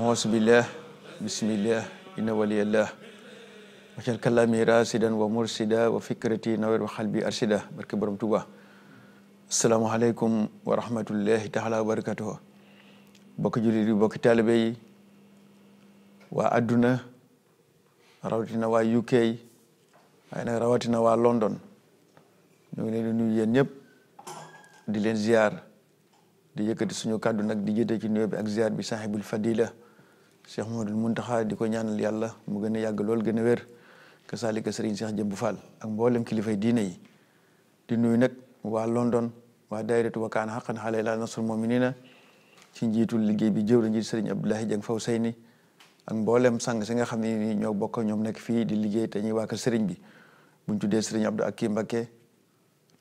aasubillah bismillah inna waliyallah wacal kalami rasidan wa mursida wa fikrati nawer wa xalbi arsida barke borom tuba asalaamualeykum wa rahmatullahi taala wa barakatuhu bokki jullit yi bokki taalibe yi rawatina waa UK waaye nag rawatina waa London ñu ngi leen di nuyu yéen ñëpp di leen ziar di yëkkati suñu kàddu nag di jëte ci nuyoo bi ak ziar bi sahibul fadila Cheikh Mouhamadoul Mountakha di ko ñaanal yàlla mu gën a yàgg lool gën a wér kasaalika Serigne Cheikh Jëmb Fall ak mboolem kilifay diine yi di nuyu nag waa London waa dayratu wakaana xaqan xale laa nasrul muminina ci njiitul liggéey bi jëw la njiit Serigne Abdoulaye Dieng faw say ni ak mboolem sang si nga xam ne ni ñoo bokk ñoom nekk fii di liggéey te ñuy waa kër Serigne bi buñ tuddee Serigne Abdou Akim Mbacké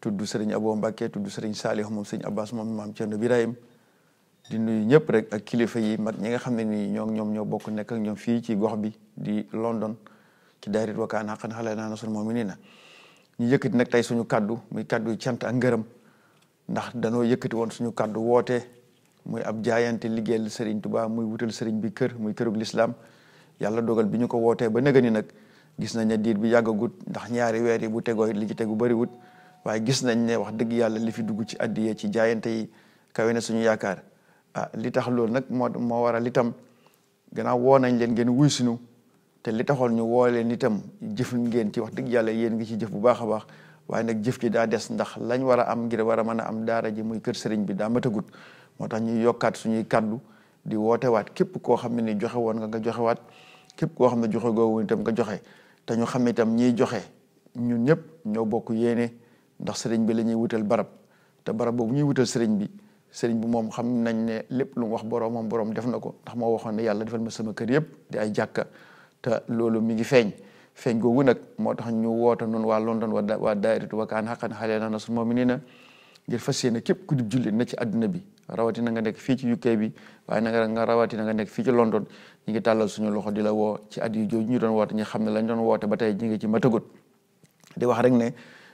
tudd sëriñ Abo Mbacke tudd sëriñ Saliou moom sëriñ Abbas moom maam Thierno Birahim di nuyu ñëpp rek ak kilifa yi mag ñi nga xam ne nii ñoo ñoom ñoo bokk nekk ak ñoom fii ci gox bi di London ci daayirat wa kaana haqqan alaynaa nasrul mu'miniin ñu yëkkati nag tey suñu kaddu muy kaddu cant ak ngërëm ndax danoo yëkkati woon suñu kaddu woote muy ab jaayante liggéeyal sëriñ Tuubaa muy wutal sëriñ bi kër muy kërug lislaam yàlla dogal bi ñu ko wootee ba nëgëni nag gis nañ ne diir bi yàggagut ndax ñaari weer yi bu tegoo it li ci tegu waaye gis nañ ne wax dëgg yàlla li fi dugg ci addiyee ci jaayante yi kawe na suñu yaakaar ah li tax loolu nag moo moo waral itam gannaaw woo nañ leen ngeen wuy suñu te li taxoon ñu woo leen itam jëf ngeen ci wax dëgg yàlla yéen ngi ci jëf bu baax a baax waaye nag jëf ci daa des ndax lañ war a am ngir war a mën a am daara ji muy kër sëriñ bi daa matagut moo tax ñuy yokkaat suñuy kàddu di woote waat képp koo xam ne ni joxe woon nga nga joxewaat képp koo xam ne joxe googu itam nga joxe te ñu xam itam ñiy joxe ñun ñëpp ñoo bokk yéene ndax sëriñ bi la ñuy wutal barab te barab boobu ñuy wutel sëriñ bi sëriñ bi moom xam nañ ne lépp lu wax borom moom borom def na ko ndax moo waxoon ne yàlla defal ma sama kër yëpp di ay jàkka te loolu mi ngi feeñ feeñ googu nag moo tax ñu woote nun waa London wa waa daayiratu wa kaan xaqan xale na nasul mu'minina ngir fas yéene képp ku di jullit na ci àdduna bi rawatina nga nekk fii ci UK bi waaye na nga rawatina nga nekk fii ci London ñu ngi tàllal suñu loxo di la woo ci at yu ñu doon woote ñu xam ne lañ doon woote ba tey ñu ngi ci matagut di wax rek ne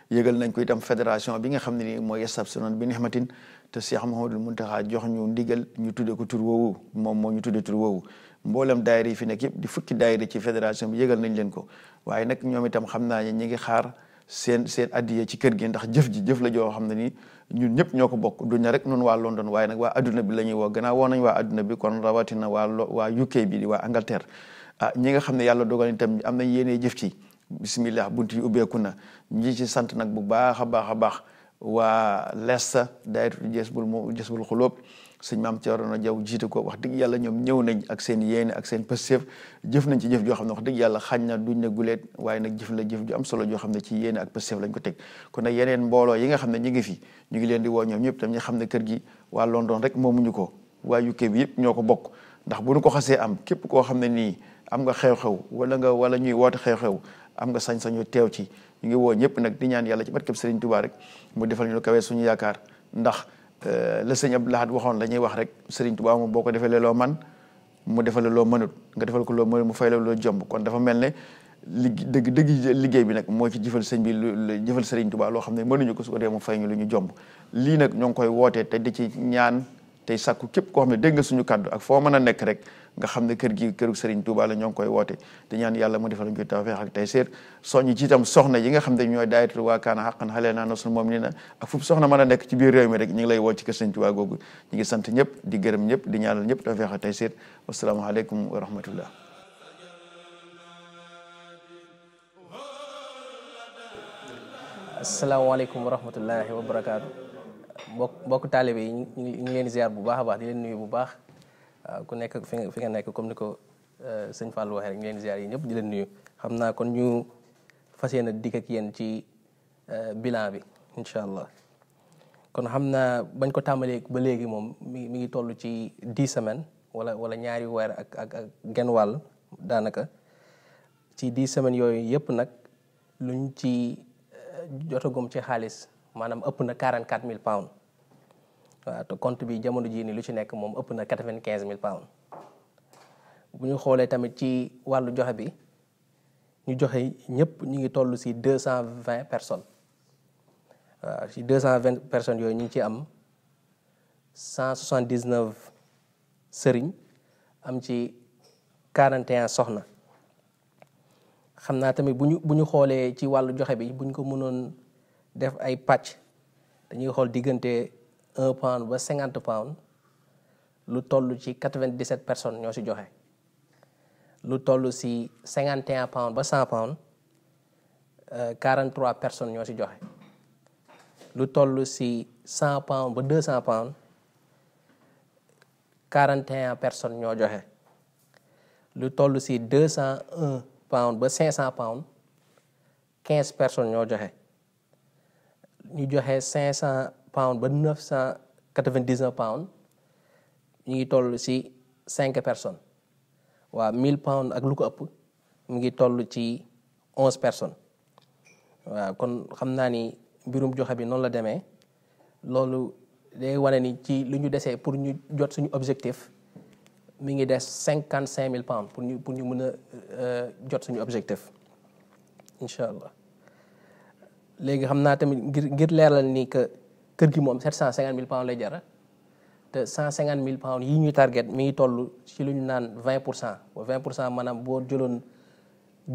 yëgal nañ ko itam fédération bi nga xam ne nii mooy yastabsiruna bi nihmatin te Cheikh Mouhamadul Mountakha jox ñu ndigal ñu tudde ko tur woowu moom moo ñu tudde tur woowu mboolem daayira yi fi yëpp di fukki daayira ci fédération bi yëgal nañ leen ko waaye nag ñoom itam xam naa ne ñi ngi xaar seen seen addiya ci kër gi ndax jëf ji jëf la joo xam ne nii ñun ñëpp ñoo ko bokk duñ na rek noon waa London waaye nag waa adduna bi la ñuy woo gannaaw woo nañ waa bi kon rawatina waa waa UK bi di waa ah ñi nga xam ne yàlla dogal itam am nañ yéene jëf ci bisimilah bunt yi ubbeeku na ñi ci sant nag bu baax a baax a baax waa lesta daayiratu jësbul mu jësbul xulóob sëñ maam Thierno Diaw jiite ko wax dëgg yàlla ñoom ñëw nañ ak seen yéene ak seen pësteef jëf nañ ci jëf joo xam ne wax dëgg yàlla xañ na duñ ne guleet waaye nag jëf la jëf ju am solo joo xam ne ci yéene ak pësteef lañ ko teg kon nag yeneen mbooloo yi nga xam ne ñu ngi fi ñu ngi leen di woo ñoom ñëpp tam ñu xam ne kër gi waa London rek moomuñu ko waa UK bi yëpp ñoo ko bokk ndax bu ko xasee am képp koo xam ne nii am xew-xew wala nga wala ñuy woote xew-xew am nga sañ-sañu teew ci ñu ngi woo ñëpp nag di ñaan yàlla ci barkeb Serigne Touba rek mu defal ñu lu kawee suñu yaakaar ndax euh, la sëñ Abdou Lahad waxoon la wax rek Serigne Touba moom boo ko defee loo man mu defal loo mënut nga defal ko loo mënut mu fay loo jomb kon dafa mel ne li dëgg dëgg liggéey bi nag moo ci jëfal sëñ bi lu jëfal Serigne Touba loo xam ne mënuñu ko su ko dee mu fay ñu lu ñu jomb lii nag ñoo ngi koy wootee te di ci ñaan tey sàkku képp koo xam ne dégg suñu kàddu ak foo mën a nekk rek nga xam ne kër gi këru Serigne Touba ñoo ngi koy woote di ñaan yàlla mu defal ñu tawfeex ak tey soo soññ ci tam soxna yi nga xam ne ñooy daayatul waa kaana xaqan xalee naa nasul moom ni na ak fu soxna mën a nekk ci biir réew mi rek ñu ngi lay woo ci kër Serigne Touba googu ñu ngi sant ñëpp di gërëm ñëpp di ñaanal ñëpp tawfeex ak tey séer wasalaamaaleykum wa rahmatullah asalaamaaleykum wa rahmatullahi wa barakaatu mbokk mbokk taalibe yi ñu leen ziar bu baax a baax di leen nuyu bu baax ah, ku nekk fi nga fi nekk comme ni ko eh, sëñ Fallou waxee rek ñu leen ziar yi ñëpp di leen nuyu xam naa kon ñu fas yéene dikk ak yéen ci eh, bilan bi incha allah kon xam naa bañ ko tàmbalee ba léegi moom mu mi ngi toll ci dix semaine wala wala ñaari weer ak ak ak genn wàll daanaka ci dix semaines yooyu yëpp nag luñ ci eh, jotagum ci xaalis. maanaam ëpp na 44 000 pounds waaw te compte bi jamono jii nii lu ci nekk moom ëpp na 95 000 pounds bu ñu xoolee tamit ci wàllu joxe bi ñu joxe ñëpp ñu ngi toll si 220 personnes waaw si deux cent 220 personnes yooyu ñu ngi ci am 179 sëriñ am ci 41 soxna xam naa tamit bu ñu bu ñu xoolee ci wàllu joxe bi bu ñu ko mënoon. def ay pàcc dañuy xool diggante un pound ba cinquante pound lu toll ci quatre-vingt-dix-sept personnes ñoo si joxe lu toll si cinquante et un pound ba cent pound euh, quarante trois personnes ñoo si joxe lu toll si cent pound ba deux cent pound quarante et personnes ñoo joxe lu toll si deux cent un ba cinq cent pound quinze personnes ñoo joxe. ñu joxe cinq cent pounds ba neuf cent quatre-vingt-dix-neuf pounds ñu ngi toll ci cinq personnes waa mille pounds ak lu ko ëpp mu ngi toll ci onze personnes waaw kon xam naa ni mbirum joxe bi noonu la demee loolu day wane ni ci lu ñu desee pour ñu jot suñu objectif mu ngi des cinquante cinq mille pounds pour ñu pour ñu mën a euh, jot suñu objectif incha allah. léegi xam naa tamit ngir ngir leeral ni que kër gi moom 750000 pounds lay jara te 150000 pounds yi ñuy target mi ngi toll ci lu ñu naan 20 pour cent 20 pour cent maanaam boo jëloon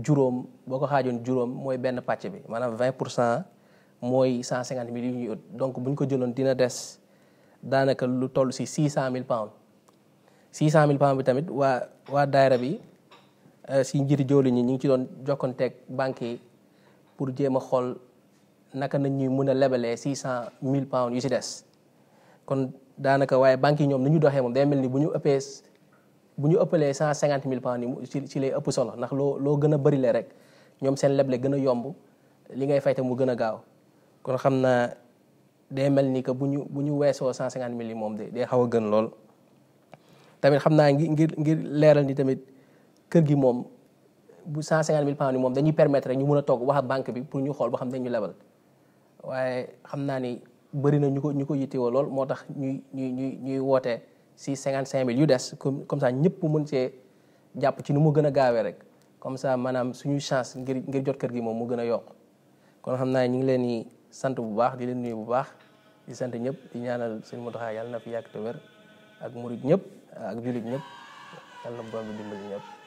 juróom boo ko xaajoon juróom mooy benn pàcc bi maanaam 20 pour cent mooy 150000 yi ñuy ut donc bu ñu ko jëloon dina des daanaka lu toll si 600000 pounds 600000 pounds bi tamit waa waa daayra bi euh, si njiiti jooli ñi ñu ngi ci doon jokkonteeg banques yi pour jéem a xool. naka nañ ñuy mën a lebalee six cent mille pounds yu si des kon daanaka waaye banque yi ñoom ni ñu doxee moom day mel ni bu ñu ëppee bu ñu ëppalee cent cinquante mille pounds yi ci ci lay ëpp solo ndax loo gën a bëri rek ñoom seen leble gën a yomb li ngay fayte mu gën a gaaw kon xam naa day mel ni que bu ñu bu ñu weesoo cent cinquante mille moom de day xaw a gën lool tamit xam naa ngi ngir ngir leeral ni tamit kër gi moom bu cent cinquante mille pounds yi moom dañuy permettre ñu mën a toog wax ak banque bi pour ñu xool boo xam ne ñu lebal waaye xam naa ni bëri na ñu ko ñu ko yittewoo lool moo tax ñuy ñuy ñuy ñuy wootee si cinquante cinq mille yu des comme comme ça ñëpp mën see jàpp ci nu mu gën a gaawee rek comme ça maanaam suñuy chance ngir ngir jot kër gi moom mu gën a yokk kon xam naa ñu ngi leen di sant bu baax di leen nuyu bu baax di sant ñëpp di ñaanal sëñ Mountakha yàlla na fi yàgg te wér ak murit ñëpp ak jullit ñëpp yàlla na borom bi dimbali